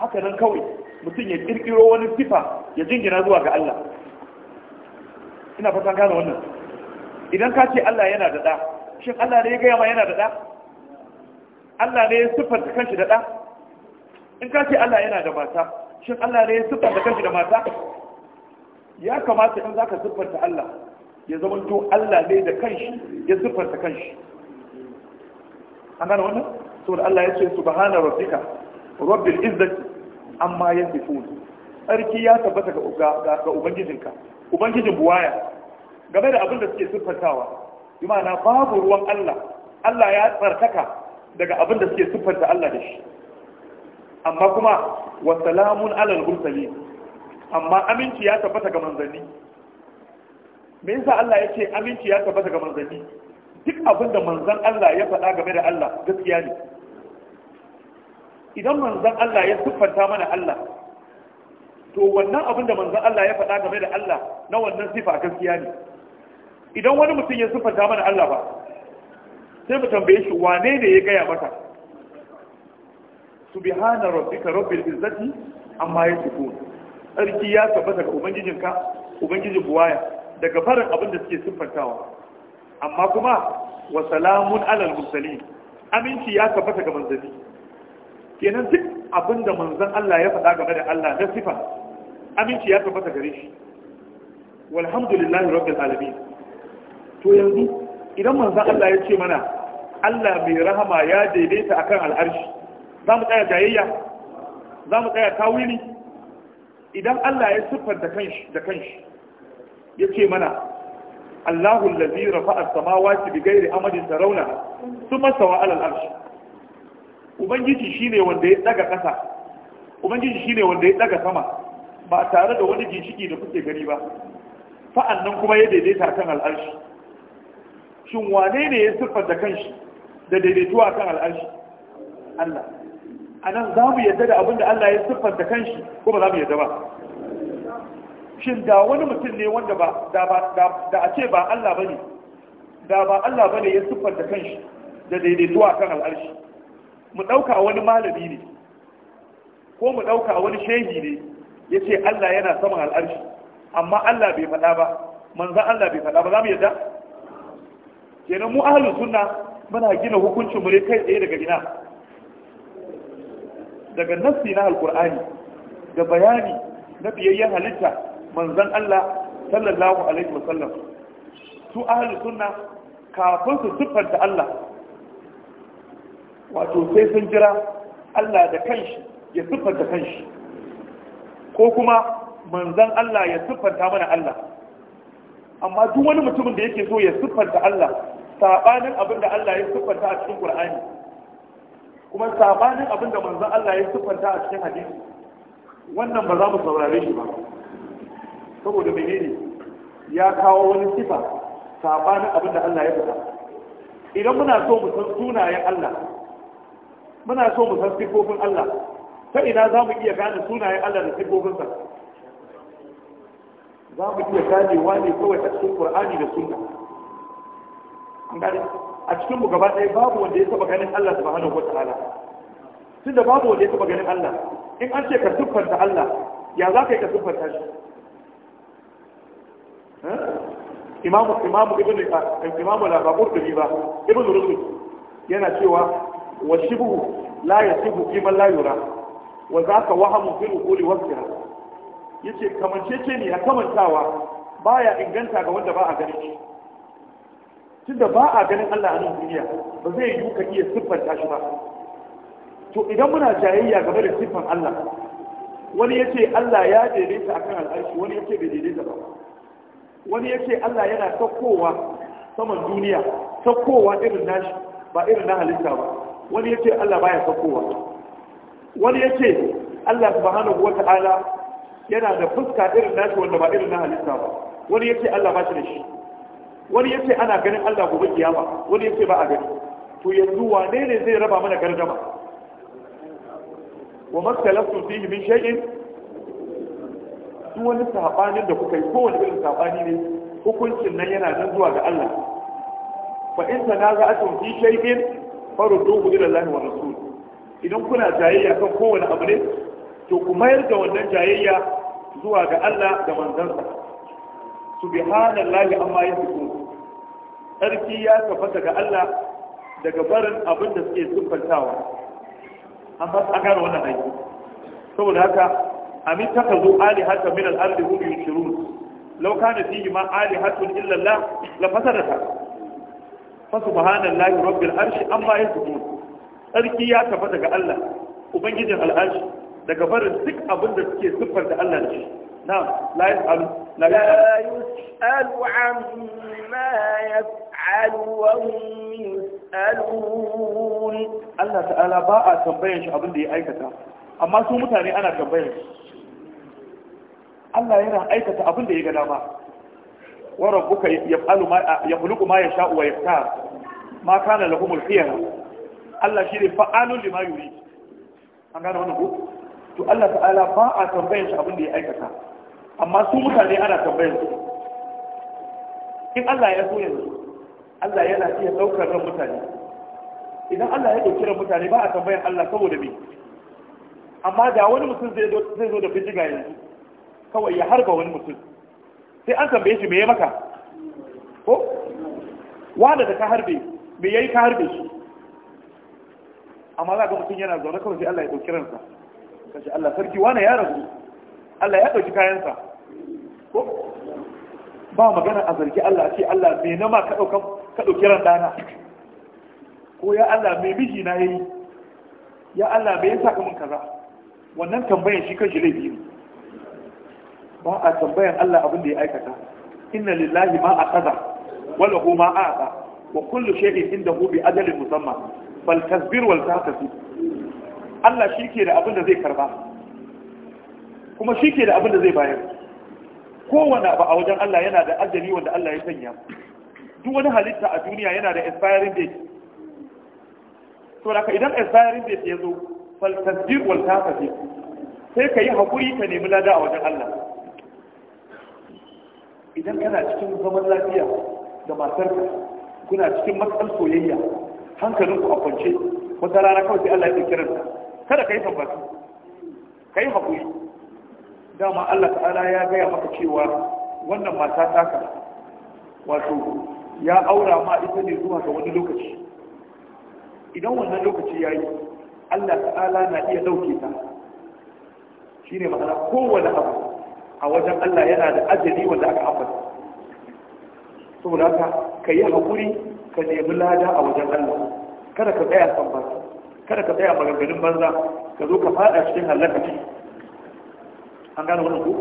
haka nan kawai mutum ya kirkiro wani sifa ya jingina zuwa ga Allah ina fatan gane wannan idan ka ce Allah yana da da shin Allah ne ya gaya ma yana da da Allah ne ya siffanta kanshi da da in ka ce Allah yana da mata shin Allah ne ya siffanta kanshi da mata ya kamata in zaka siffanta Allah ya zama to Allah ne da kanshi ya siffanta kanshi an gane wannan saboda Allah ya ce subhana rabbika rabbil izzati amma yasifun sarki ya tabbata ga ga ubangijinka ubangijin buwaya game da abin da suke siffantawa imana babu ruwan Allah Allah ya tsarkaka daga abin da suke siffanta Allah da shi amma kuma wasalamun alal gursali amma aminci ya tabbata ga manzanni me yasa Allah ya ce aminci ya tabbata ga manzanni duk abin da manzan Allah ya faɗa game da Allah gaskiya ne idan manzan Allah ya siffanta mana Allah to wannan abin da manzan Allah ya faɗa game da Allah na wannan sifa gaskiya ne idan wani mutum ya siffanta mana Allah ba sai mu tambaye shi wane ne ya gaya mata? Su bi subhana rabbika rabbil izzati amma ya yasifun sarki ya tabbata ga ubangijinka ubangijin buwaya daga farin abin da suke siffantawa amma kuma wa salamun alal mursalin aminci ya tabbata ga manzanni kenan duk abin da manzon Allah ya faɗa game da Allah na sifa aminci ya tabbata gare shi walhamdulillahi rabbil alamin to yanzu idan manzon Allah ya ce mana Allah mai rahama ya daidaita akan al'arshi za mu tsaya jayayya za mu tsaya tawili idan Allah ya siffar da kanshi da kanshi ya ce mana Allahu allazi rafa'a samawati bi ghairi amadin tarawna thumma sawa 'ala al-arsh ubangiji ne wanda ya daga kasa ubangiji shi ne wanda ya daga sama ba tare da wani ginshiki da kuke gani ba fa'an nan kuma ya daidaita kan al'arshi shin wane ne ya siffar da kanshi da daidaituwa kan al'arshi Allah a nan za mu yadda da abin da Allah ya siffanta kanshi ko ba za mu yadda ba shin da wani mutum ne wanda ba da a ce ba Allah ba ne da ba Allah bane ya siffanta kanshi da daidaituwa kan al'arshi mu ɗauka wani malami ne ko mu ɗauka wani shehi ne ya ce Allah yana saman al'arshi amma Allah bai faɗa ba manzan Allah bai faɗa ba za mu yadda kenan mu ahlus sunna muna gina hukuncin mu ne kai tsaye daga ina daga nassi na alkur'ani da bayani na biyayyen halitta manzon Allah sallallahu alaihi wasallam su ahlus sunna kafin su siffanta Allah wato sai sun jira Allah da kanshi ya siffanta kanshi ko kuma manzon Allah ya siffanta mana Allah amma duk wani mutumin da yake so ya siffanta Allah sabanin abinda Allah ya siffanta a cikin Qur'ani kuma sabanin abin da manzon Allah ya siffanta a cikin hadisi wannan ba za mu saurare shi ba saboda menene ya kawo wani sifa sabanin abin da Allah ya fita idan muna so mu san sunayen Allah muna so mu san sifofin Allah ta ina za mu iya gane sunayen Allah da sifofinsa za mu iya gane ne kawai a cikin Qur'ani da Sunna an a cikin mu gaba ɗaya babu wanda ya taba ganin Allah subhanahu wataala tun da babu wanda ya taba ganin Allah in an ce ka siffanta Allah ya za ka yi ka siffanta shi imamu imamu ibn imamu la babur da ba ibn rusul yana cewa wa shibhu la yasibu fi man la yura wa zaka wahamu fi uquli wa fikra yace kamancece ne a kamantawa baya inganta ga wanda ba a ganin shi tunda ba a ganin Allah a nan duniya ba zai yi ka iya siffanta shi ba to idan muna jayayya game da siffan Allah wani ya ce Allah ya daidaita akan al'arshi wani ya ce bai daidaita ba wani ya ce Allah yana saukowa saman duniya saukowa irin nashi ba irin na halitta ba wani ya ce Allah baya saukowa wani ya ce Allah subhanahu wata'ala yana da fuska irin nashi wanda ba irin na halitta ba wani ya ce Allah ba shi da shi wani ya ce ana ganin Allah gobe kiyama wani ya ce ba a gani to yanzu wane ne zai raba mana gardama wa masalatu fihi min shay'in duk wani sabanin da kuka yi ko wani irin sabani ne hukuncin nan yana nan zuwa ga Allah fa in tanaza'atum fi shay'in farudduhu ila Allah wa rasul idan kuna jayayya kan kowane abu ne to ku mayar da wannan jayayya zuwa ga Allah da manzansa subhanallahi amma yasifun tsarki ya tabbata ga Allah daga barin abin da suke siffantawa an ba a gano wannan aiki saboda haka amin taka zo ali hatta min al-ardi hum yushirun law na fihi ma ali hatta illa Allah la fasadata fa subhanallahi rabbil arshi amma yasifun tsarki ya tabbata ga Allah ubangijin al'arshi daga barin duk abin da suke siffanta Allah da shi نعم لا يسأل لا, لا يسأل عما يفعل وهم يسألون الله تعالى باء تنبين شو أبن دي أيكتا أما سو متاني أنا تنبين الله يرى أيكتا أبن دي قداما وربك يفعل ما يخلق ما يشاء ويختار ما كان لهم الخيار الله شيء فعال لما يريد an gane wannan ko to Allah ta'ala ba a tambayin shi abin da ya aikata amma su mutane ana tambayar su in Allah ya so yanzu Allah yana iya daukar ran mutane idan Allah ya dauki ran mutane ba a tambayar Allah saboda me amma da wani mutum zai zo zai zo da bijiga yanzu kawai ya harba wani mutum sai an tambaye shi me ya maka ko wanda da ka harbe me yayi ka harbe shi amma za ga mutum yana zaune kawai sai Allah ya dauki ransa kace Allah sarki wani ya rabu Allah ya ɗauki kayansa ko ba magana a zargi Allah ce Allah me na ma ka ɗauki ran ɗana ko ya Allah me miji na yayi ya Allah me yasa ka mun kaza wannan tambayan shi kanshi laifi ne ba a tambayan Allah abin da ya aikata inna lillahi ma akaza wa lahu ma aata wa kullu shay'in indahu bi ajalin musamman, bal tasbir wal tahtasib Allah shi ke da abin da zai karba kuma shi ke da abin da zai bayar kowane abu a wajen Allah yana da ajali wanda Allah ya sanya duk wani halitta a duniya yana da expiring date to da idan expiring date ya zo fal tasbir wal tafafi sai ka yi haƙuri ka nemi lada a wajen Allah idan kana cikin zaman lafiya da matarka kuna cikin matsal soyayya hankalinku a kwance wata rana kawai sai Allah ya ɗauki ranka kada ka yi tambatu ka yi haƙuri dama Allah ta'ala ya gaya maka cewa wannan mata taka wato ya aura ma ita ne zuwa ga wani lokaci idan wannan lokaci ya yi Allah ta'ala na iya ɗauke ta shi ne ma'ana kowane abu a wajen Allah yana da ajali wanda aka ambata saboda haka ka yi haƙuri ka nemi lada a wajen Allah kada ka tsaya san kada ka tsaya maganganun banza ka zo ka faɗa cikin halakaci an gane wannan ko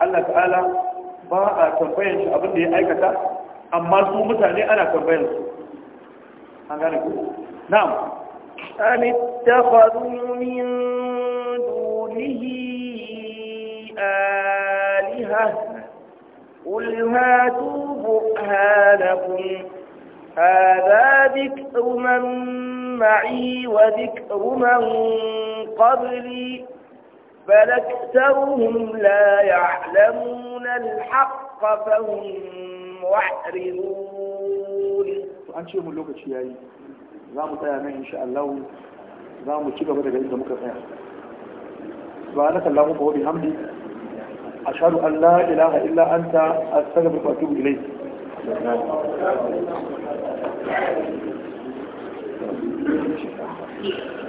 Allah ta'ala ba a tambayan shi abin da ya aikata amma su mutane ana tambayan su an gane ko na'am an ittakhadhu min dunihi aliha قل هاتوا برهانكم هذا ذكر من معي وذكر من قبلي بل لا يعلمون الحق فهم محرمون فأنت شيء من لوقت شيء إن شاء الله زامو تيبا بدا جديد مكة سبحانك اللهم مبهو أشهد أن لا إله إلا أنت أستغفرك وأتوب إليك